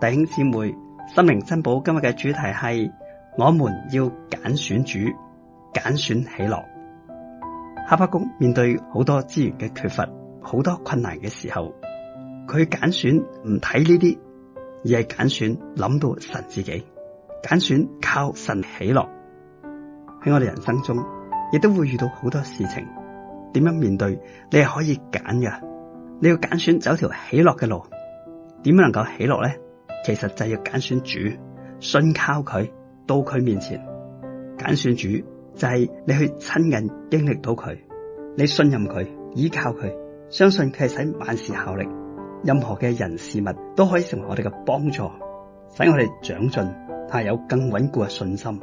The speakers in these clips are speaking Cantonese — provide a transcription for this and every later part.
弟兄姊妹，心靈珍寶今日嘅主題係：我們要揀選主，揀選喜樂。哈巴谷面對好多資源嘅缺乏，好多困難嘅時候，佢揀選唔睇呢啲，而係揀選諗到神自己，揀選靠神喜樂。喺我哋人生中，亦都會遇到好多事情，點樣面對你係可以揀嘅，你要揀選走一條喜樂嘅路。點樣能夠喜樂咧？其實就係要揀選主，信靠佢到佢面前。揀選主就係、是、你去親近經歷到佢，你信任佢，依靠佢，相信佢係使萬事效力。任何嘅人事物都可以成為我哋嘅幫助，使我哋長進，係有更穩固嘅信心。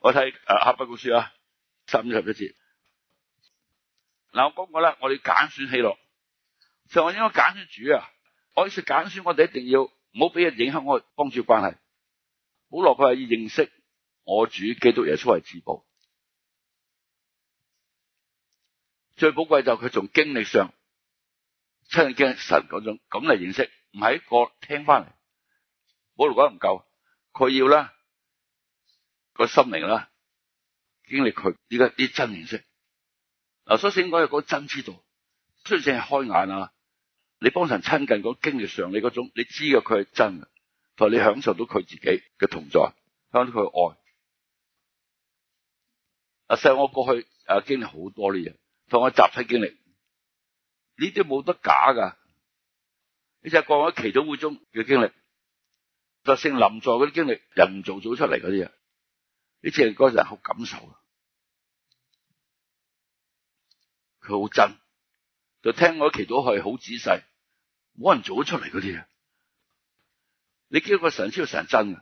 我睇誒《哈巴谷書》啊，三、啊、十一節。嗱，我講過啦，我哋揀選喜樂，所以我應該揀選主啊！我意思揀選我哋一定要唔好俾人影響我幫助關係，保羅佢要認識我主基督耶穌為至寶，最寶貴就佢從經歷上親身經歷神嗰種咁嚟認識，唔係一個聽翻嚟，保羅講唔夠，佢要啦、那個心靈啦經歷佢依家啲真認識。嗱，所以我有個真知道，雖然淨係開眼啊，你幫神親近個經歷上，你嗰種你知嘅，佢係真嘅。同你享受到佢自己嘅同在，享受到佢愛。阿所我過去經歷好多呢嘢，同我集體經歷，呢啲冇得是假噶。呢就係我喺祈禱會中嘅經歷，就聖靈臨在嗰啲經歷，人造做出嚟嗰啲嘢，呢只係嗰陣好感受。佢好真，就聽我祈禱係好仔細，冇人做得出嚟嗰啲啊！你見到個神超神真嘅，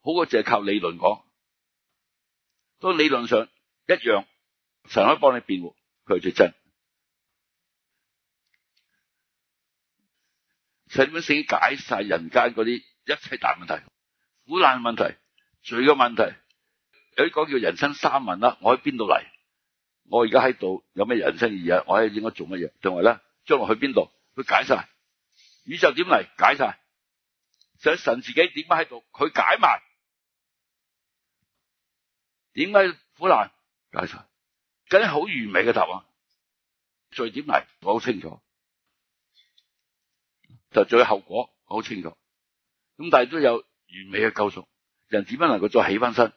好過淨係靠理論講。當理論上一樣，神可以幫你辯護，佢係最真。神點樣先解晒人間嗰啲一切大問題、苦難問題、罪嘅問題？有啲講叫人生三問啦，我喺邊度嚟？我而家喺度有咩人生意義？我喺應該做乜嘢？同埋咧，將來去邊度？佢解晒宇宙點嚟？解晒神自己點解喺度？佢解埋點解苦難？解晒咁啲好完美嘅答案。罪點嚟？我好清楚。就罪後果，我好清楚。咁但係都有完美嘅救贖。人點樣能夠再起翻身？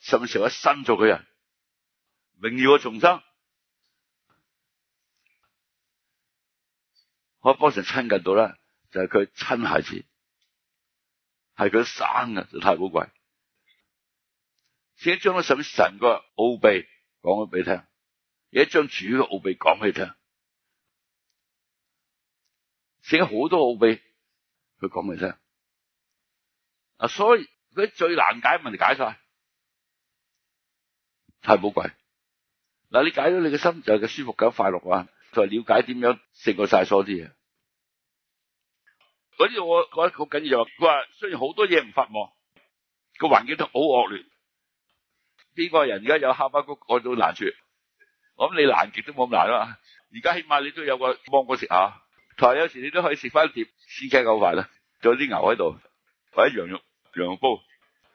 甚至成為新造嘅人？榮耀嘅重生，可以幫神親近到咧，就係佢親孩子，係佢生嘅，就是，太寶貴。寫張咧，甚至神個奧秘講咗俾你聽，寫張主嘅奧秘講俾你聽，寫好多奧秘，佢講俾你聽。所以佢最難解問問題解曬，太寶貴。嗱，你解到你嘅心就係個舒服咁快樂啊，就係了解點樣食個晒所啲嘢。嗰啲我覺得好緊要，就是，佢話雖然好多嘢唔發旺，個環境都好惡劣，邊個人而家有哈巴谷嗰種難處，咁你難極都冇咁難啊。而家起碼你都有個芒果食下，同埋有時你都可以食翻碟鮮茄牛飯啦，仲有啲牛喺度或者羊肉，羊肉煲，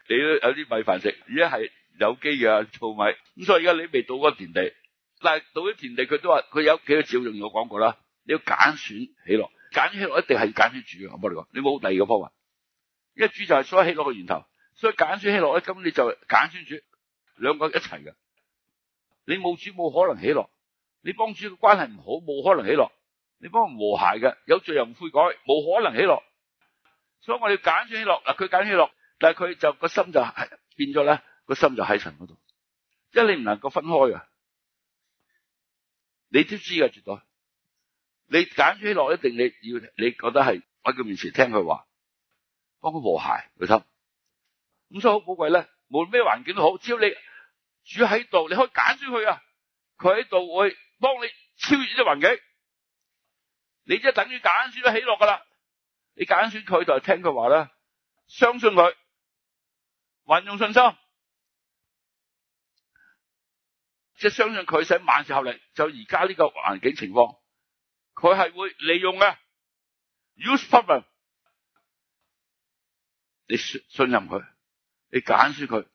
你都有啲米飯食。而家係。有機嘅醋、啊、米，咁所以而家你未到嗰個田地，但係到咗田地，佢都話佢有幾個照用，我講過啦。你要揀選喜樂，揀喜樂一定係揀選主。我幫你講，你冇第二個方法，一主就係所有喜樂嘅源頭，所以揀選喜樂咧，咁你就揀選主，兩個一齊嘅。你冇主冇可能喜樂，你幫主嘅關係唔好冇可能喜樂，你幫人唔和諧嘅有罪又唔悔改冇可能喜樂，所以我哋要揀選喜樂，嗱，佢揀喜樂，但係佢就、個心就變咗呢。個心就喺神嗰度，即係你唔能夠分開噶，你都知噶，絕對。你揀選喜樂一定你要，你覺得係喺佢面前聽佢話，幫佢和諧佢心。咁所以好寶貴咧，無論咩環境都好，只要你住喺度，你可以揀選佢啊，佢喺度會幫你超越啲環境，你即係等於揀選咗喜樂噶啦。你揀選佢就聽佢話啦，相信佢，運用信心。即係相信佢使萬事後嚟，就而家呢個環境情況，佢係會利用嘅。u s e o b l m 你信任佢，你揀選佢，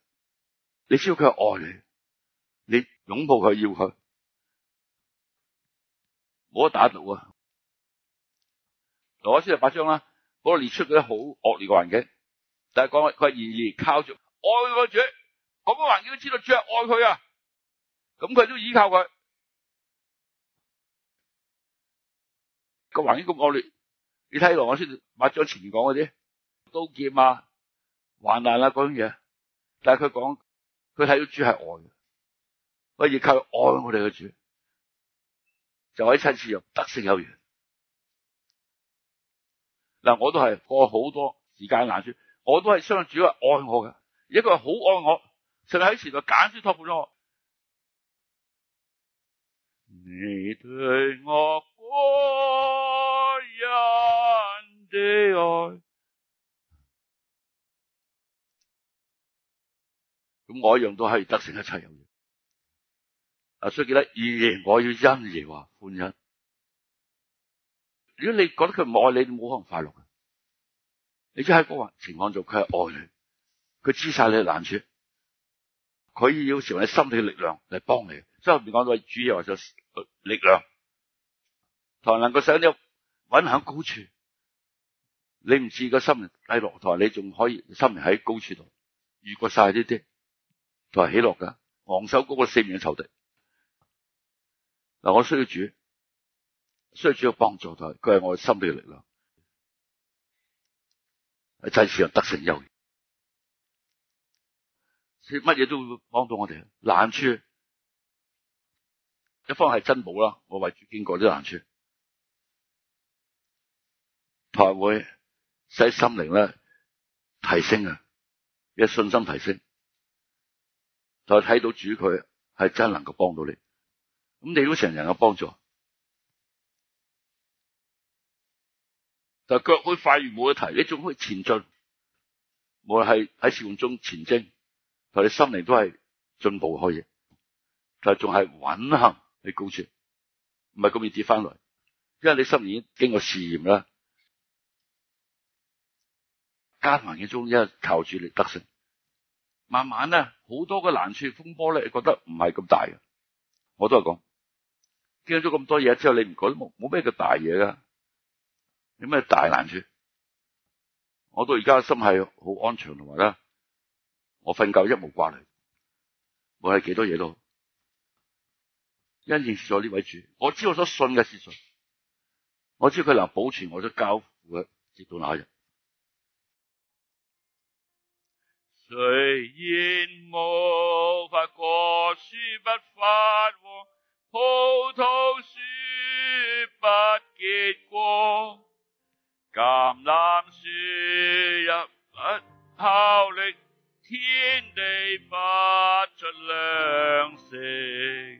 你知道佢愛你，你擁抱佢，要佢，冇得打到啊！羅先係八章啦，嗰、那個、列出嗰啲好惡劣嘅環境，但係講佢仍然靠住愛個主，嗰、這個環境知道著愛佢啊！咁佢都依靠佢，這個環境咁惡劣，你睇落我先，抹咗前面講嗰啲刀劍啊、患難啊嗰種嘢，但係佢講，佢睇到主係愛嘅，我依靠愛我哋嘅主，就喺一切事上得勝有餘。嗱，我都係過好多時間難處，我都係相信主係愛我嘅，一個係好愛我，甚至喺前度揀選託付咗我。你對我過人的愛，咁我一樣都可以得勝一切有嘢。啊，所以記得二耶我要因耶和華，歡欣。如果你覺得佢唔愛你，你冇可能快樂嘅。你即喺嗰個情況做，佢係愛你，佢知晒你難處，佢要成為你心裏嘅力量嚟幫你。所以後面講到主耶和華就。力量，才能夠使你穩喺高處，你唔似個心靈低落台，你仲可以心靈喺高處度，如果晒啲啲，台起落噶，昂首高過四面嘅仇敵。嗱，我需要主，需要主嘅幫助台，佢係我嘅心理力量，喺真事上得勝優越，乜嘢都會幫到我哋，難處。一方係真冇啦，我為主經過啲難處，台會使心靈咧提升啊，一信心提升，就睇到主佢係真能夠幫到你，咁你都成人嘅幫助，但腳會快如母鹿嘅蹄，你仲可以前進，無論係喺試用中前進，同你心靈都係進步去嘅，但係仲係穩行。你高處唔係咁易跌翻嚟，因為你心已經經過試驗啦，艱難嘅中，因靠住你得勝，慢慢咧好多嘅難處風波咧，你覺得唔係咁大嘅。我都係講經咗咁多嘢之後，你唔覺得冇冇咩嘅大嘢噶？有咩大難處？我到而家心係好安詳同埋咧，我瞓覺一無掛慮，我係幾多嘢都。因認識咗呢位主，我知道我所信嘅是誰，我知佢能保存我所交付嘅，直到那日。雖然無花果樹不發旺，葡萄樹不結果，橄欖樹也不效力，田地不出糧食。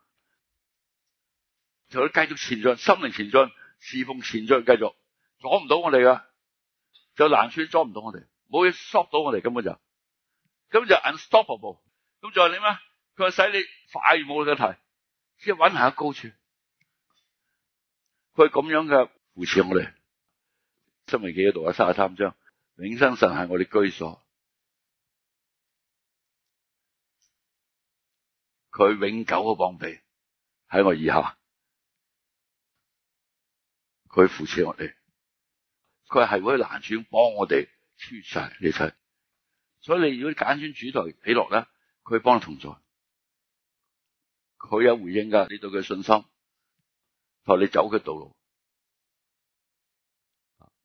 就佢繼續前進，心靈前進，侍奉前進，繼續，阻唔到我哋噶，就難算阻唔到我哋，冇嘢 stop 到我哋根本就，根本就 unstoppable，咁仲係點啊？佢話使你快如母鹿蹄，即係穩行喺高處。佢咁樣嘅扶持我哋，申命記嗰度啊，卅三章，永生神係我哋居所，佢永久嘅膀臂喺我以下。佢扶持我哋，佢係會難處幫我哋出晒，你睇，所以你如果揀選主台起落咧，佢幫你同在，佢有回應噶，你對佢信心，同你走嘅道路，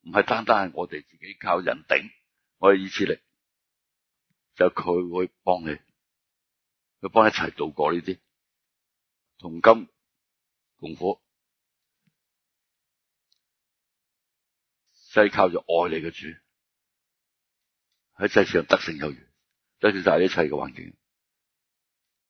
唔係單單係我哋自己靠人頂，我嘅意志力，就佢、是、會幫你，佢幫你一齊度過呢啲同甘共苦。即係靠住愛嚟嘅主，喺世上得勝有餘，得勝晒呢一切嘅環境。